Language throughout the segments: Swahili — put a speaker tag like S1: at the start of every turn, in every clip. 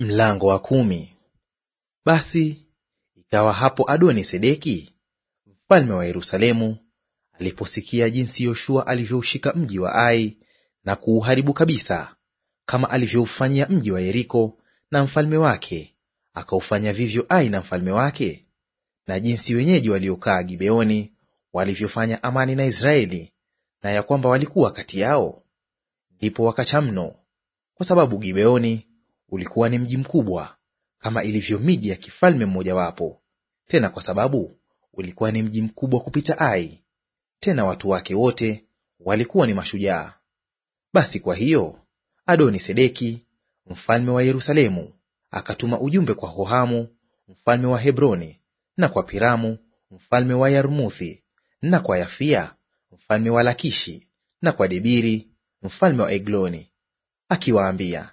S1: Mlango wa kumi. Basi ikawa hapo Adoni Sedeki mfalme wa Yerusalemu aliposikia jinsi Yoshua alivyoushika mji wa Ai na kuuharibu kabisa, kama alivyoufanyia mji wa Yeriko na mfalme wake, akaufanya vivyo Ai na mfalme wake, na jinsi wenyeji waliokaa Gibeoni walivyofanya amani na Israeli, na ya kwamba walikuwa kati yao, ndipo wakacha mno, kwa sababu Gibeoni ulikuwa ni mji mkubwa kama ilivyo miji ya kifalme mmojawapo. Tena kwa sababu ulikuwa ni mji mkubwa kupita Ai, tena watu wake wote walikuwa ni mashujaa. Basi kwa hiyo Adoni Sedeki mfalme wa Yerusalemu akatuma ujumbe kwa Hohamu mfalme wa Hebroni na kwa Piramu mfalme wa Yarmuthi na kwa Yafia mfalme wa Lakishi na kwa Debiri mfalme wa Egloni, akiwaambia,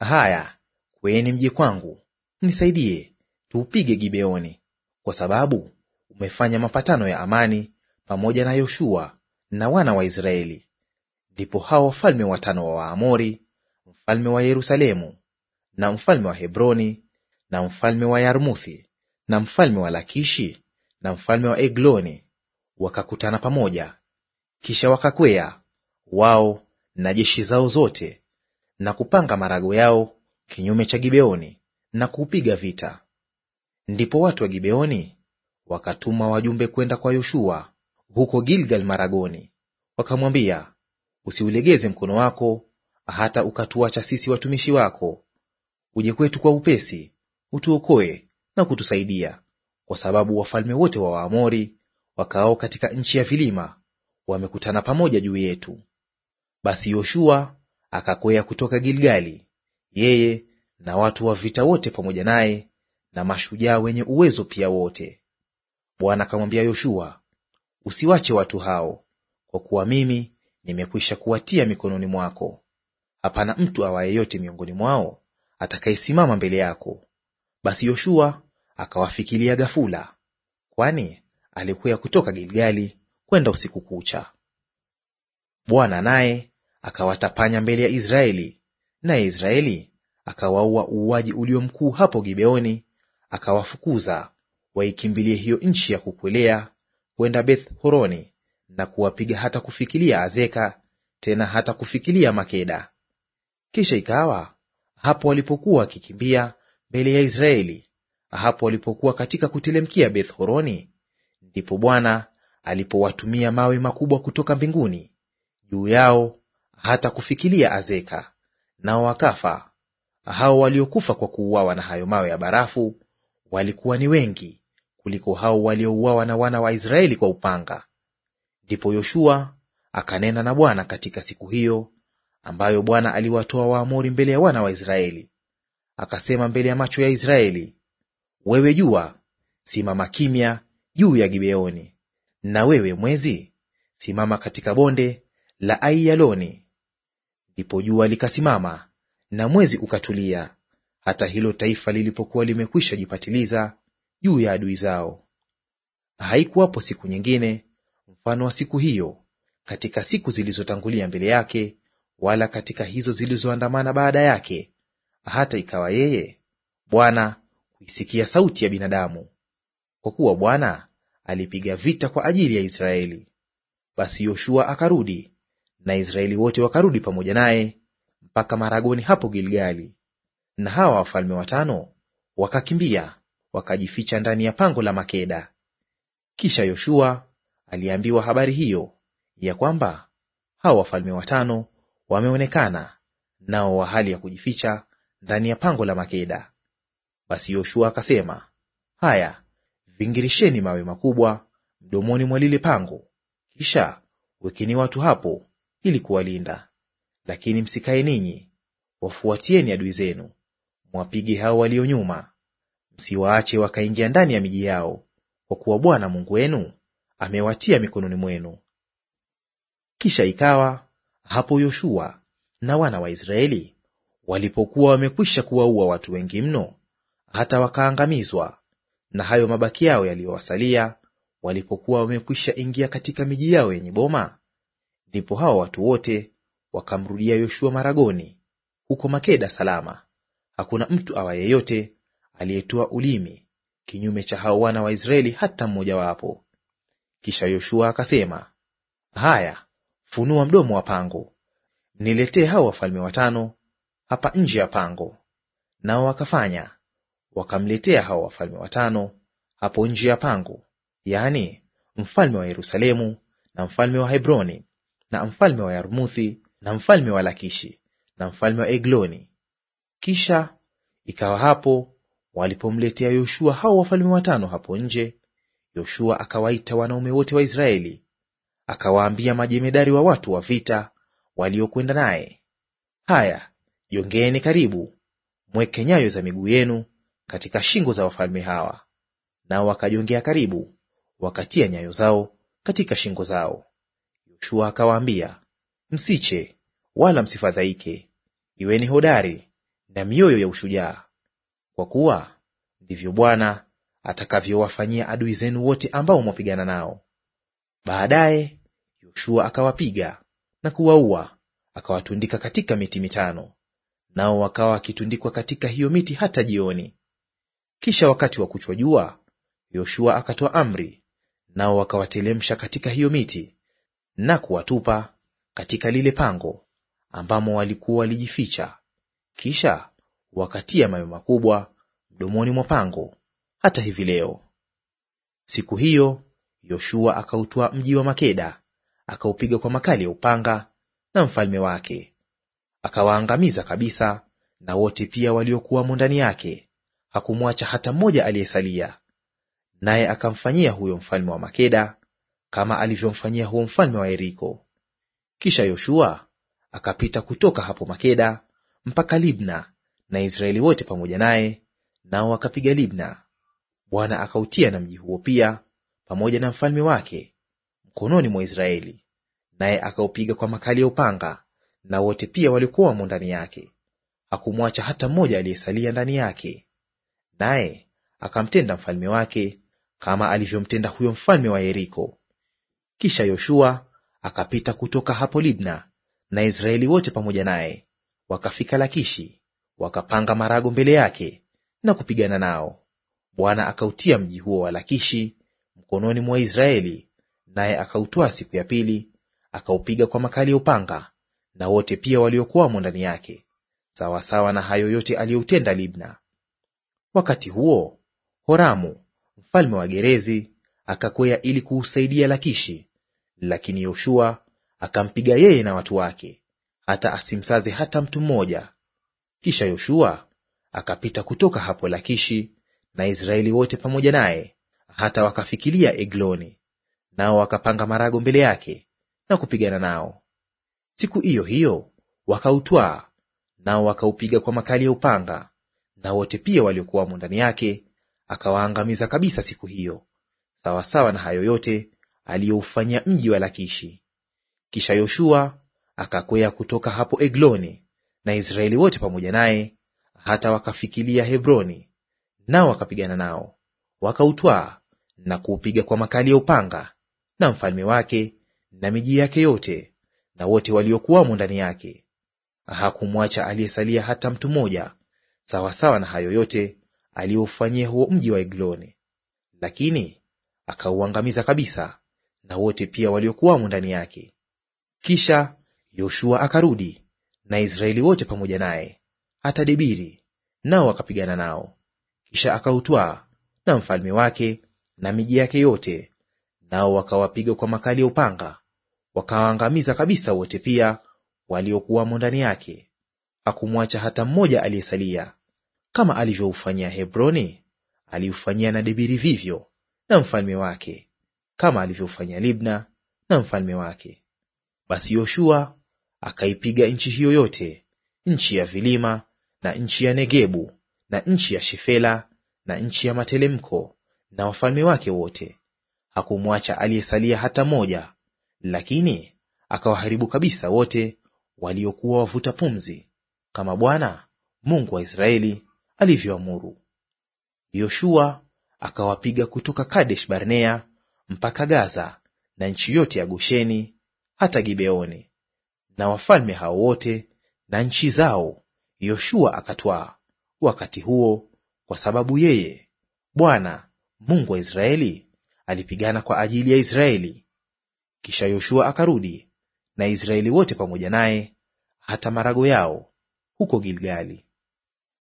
S1: Haya, kweni mji kwangu, nisaidie tuupige Gibeoni, kwa sababu umefanya mapatano ya amani pamoja na Yoshua na wana wa Israeli. Ndipo hao wafalme watano wa Waamori, mfalme wa Yerusalemu na mfalme wa Hebroni na mfalme wa Yarmuthi na mfalme wa Lakishi na mfalme wa Egloni wakakutana pamoja, kisha wakakwea wao na jeshi zao zote na kupanga marago yao kinyume cha Gibeoni na kuupiga vita. Ndipo watu wa Gibeoni wakatuma wajumbe kwenda kwa Yoshua huko Gilgal maragoni, wakamwambia, usiulegeze mkono wako hata ukatuacha sisi watumishi wako; uje kwetu kwa upesi, utuokoe na kutusaidia, kwa sababu wafalme wote wa Waamori wakaao katika nchi ya vilima wamekutana pamoja juu yetu. Basi Yoshua akakwea kutoka Gilgali, yeye na watu wa vita wote pamoja naye, na mashujaa wenye uwezo pia wote. Bwana akamwambia Yoshua, usiwache watu hao, kwa kuwa mimi nimekwisha kuwatia mikononi mwako. Hapana mtu awaye yote miongoni mwao atakayesimama mbele yako. Basi Yoshua akawafikilia ghafula, kwani alikwea kutoka Gilgali kwenda usiku kucha. Bwana naye akawatapanya mbele ya Israeli, naye Israeli akawaua uuaji ulio mkuu hapo Gibeoni, akawafukuza waikimbilie hiyo nchi ya kukwelea kwenda Beth Horoni, na kuwapiga hata kufikilia Azeka, tena hata kufikilia Makeda. Kisha ikawa hapo walipokuwa wakikimbia mbele ya Israeli, hapo walipokuwa katika kutelemkia Beth Horoni, ndipo Bwana alipowatumia mawe makubwa kutoka mbinguni juu yao hata kufikilia Azeka. Nao wakafa hao waliokufa kwa kuuawa na hayo mawe ya barafu, walikuwa ni wengi kuliko hao waliouawa na wana wa Israeli kwa upanga. Ndipo Yoshua akanena na Bwana katika siku hiyo ambayo Bwana aliwatoa Waamori mbele ya wana wa Israeli. Akasema mbele ya macho ya Israeli, wewe jua, simama kimya juu ya Gibeoni, na wewe mwezi, simama katika bonde la Aiyaloni Ndipo jua likasimama na mwezi ukatulia, hata hilo taifa lilipokuwa limekwisha jipatiliza juu ya adui zao. Haikuwapo siku nyingine mfano wa siku hiyo katika siku zilizotangulia mbele yake, wala katika hizo zilizoandamana baada yake, hata ikawa yeye Bwana kuisikia sauti ya binadamu, kwa kuwa Bwana alipiga vita kwa ajili ya Israeli. Basi Yoshua akarudi na Israeli wote wakarudi pamoja naye mpaka Maragoni hapo Gilgali. Na hawa wafalme watano wakakimbia wakajificha ndani ya pango la Makeda. Kisha Yoshua aliambiwa habari hiyo ya kwamba hawa wafalme watano wameonekana, nao wa hali ya kujificha ndani ya pango la Makeda. Basi Yoshua akasema, haya, vingirisheni mawe makubwa mdomoni mwa lile pango, kisha wekeni watu hapo ili kuwalinda. Lakini msikae ninyi, wafuatieni adui zenu, mwapige hao walio nyuma, msiwaache wakaingia ndani ya miji yao, kwa kuwa Bwana Mungu wenu amewatia mikononi mwenu. Kisha ikawa hapo Yoshua na wana wa Israeli walipokuwa wamekwisha kuwaua watu wengi mno hata wakaangamizwa, na hayo mabaki yao yaliyowasalia walipokuwa wamekwisha ingia katika miji yao yenye boma, Ndipo hao watu wote wakamrudia Yoshua Maragoni huko Makeda salama. Hakuna mtu awa yeyote aliyetoa ulimi kinyume cha hao wana wa Israeli hata mmojawapo. Kisha Yoshua akasema, haya, funua mdomo wa pango, niletee hao wafalme watano hapa nje ya pango. Nao wakafanya, wakamletea hao wafalme watano hapo nje ya pango, yaani mfalme wa Yerusalemu na mfalme wa Hebroni na mfalme wa Yarmuthi na mfalme wa Lakishi na mfalme wa Egloni. Kisha ikawa hapo walipomletea Yoshua hao wafalme watano hapo nje, Yoshua akawaita wanaume wote wa Israeli, akawaambia majemedari wa watu wa vita waliokwenda naye, haya, jongeeni karibu, mweke nyayo za miguu yenu katika shingo za wafalme hawa. Nao wakajongea karibu, wakatia nyayo zao katika shingo zao. Yoshua akawaambia, msiche wala msifadhaike; iweni hodari na mioyo ya ushujaa, kwa kuwa ndivyo Bwana atakavyowafanyia adui zenu wote ambao mwapigana nao. Baadaye Yoshua akawapiga na kuwaua, akawatundika katika miti mitano, nao wakawa wakitundikwa katika hiyo miti hata jioni. Kisha wakati wa kuchwa jua Yoshua akatoa amri, nao wakawatelemsha katika hiyo miti na kuwatupa katika lile pango ambamo walikuwa walijificha. Kisha wakatia mawe makubwa mdomoni mwa pango hata hivi leo. Siku hiyo Yoshua akautua mji wa Makeda, akaupiga kwa makali ya upanga na mfalme wake, akawaangamiza kabisa na wote pia waliokuwamo ndani yake; hakumwacha hata mmoja aliyesalia. Naye akamfanyia huyo mfalme wa Makeda kama alivyomfanyia huo mfalme wa Yeriko. Kisha Yoshua akapita kutoka hapo Makeda mpaka Libna na Israeli wote pamoja naye, nao wakapiga Libna. Bwana akautia na mji huo pia pamoja na mfalme wake mkononi mwa Israeli, naye akaupiga kwa makali ya upanga, na wote pia walikuwa wamo ndani yake. Hakumwacha hata mmoja aliyesalia ndani yake. Naye akamtenda mfalme wake kama alivyomtenda huyo mfalme wa Yeriko. Kisha Yoshua akapita kutoka hapo Libna na Israeli wote pamoja naye, wakafika Lakishi, wakapanga marago mbele yake na kupigana nao. Bwana akautia mji huo wa Lakishi mkononi mwa Israeli, naye akautwaa siku ya pili, akaupiga kwa makali ya upanga na wote pia waliokuwamo ndani yake, sawasawa na hayo yote aliyoutenda Libna. Wakati huo Horamu mfalme wa Gerezi akakwea ili kuusaidia Lakishi lakini Yoshua akampiga yeye na watu wake, hata asimsaze hata mtu mmoja. Kisha Yoshua akapita kutoka hapo Lakishi na Israeli wote pamoja naye, hata wakafikilia Egloni, nao wakapanga marago mbele yake na kupigana nao. Siku hiyo hiyo wakautwaa, nao wakaupiga kwa makali ya upanga, na wote pia waliokuwamo ndani yake akawaangamiza kabisa siku hiyo, sawasawa na hayo yote aliyoufanyia mji wa Lakishi. Kisha Yoshua akakwea kutoka hapo Egloni na Israeli wote pamoja naye hata wakafikilia Hebroni, nao wakapigana nao, wakautwaa na kuupiga kwa makali ya upanga, na mfalme wake na miji yake yote na wote waliokuwamo ndani yake. Hakumwacha aliyesalia hata mtu mmoja, sawasawa na hayo yote aliyoufanyia huo mji wa Egloni, lakini akauangamiza kabisa na wote pia waliokuwamo ndani yake. Kisha Yoshua akarudi na Israeli wote pamoja naye hata Debiri, nao akapigana nao. Kisha akautwaa na mfalme wake na miji yake yote, nao wakawapiga kwa makali ya upanga, wakawaangamiza kabisa wote pia waliokuwamo ndani yake. Hakumwacha hata mmoja aliyesalia. Kama alivyoufanyia Hebroni, aliufanyia na Debiri vivyo, na mfalme wake kama alivyofanya Libna na mfalme wake. Basi Yoshua akaipiga nchi hiyo yote, nchi ya vilima na nchi ya Negebu na nchi ya Shefela na nchi ya matelemko na wafalme wake wote. Hakumwacha aliyesalia hata moja lakini akawaharibu kabisa wote waliokuwa wavuta pumzi, kama Bwana Mungu wa Israeli alivyoamuru. Yoshua akawapiga kutoka Kadesh Barnea mpaka Gaza na nchi yote ya Gosheni hata Gibeoni, na wafalme hao wote na nchi zao Yoshua akatwaa wakati huo, kwa sababu yeye Bwana Mungu wa Israeli alipigana kwa ajili ya Israeli. Kisha Yoshua akarudi na Israeli wote pamoja naye hata marago yao huko Gilgali.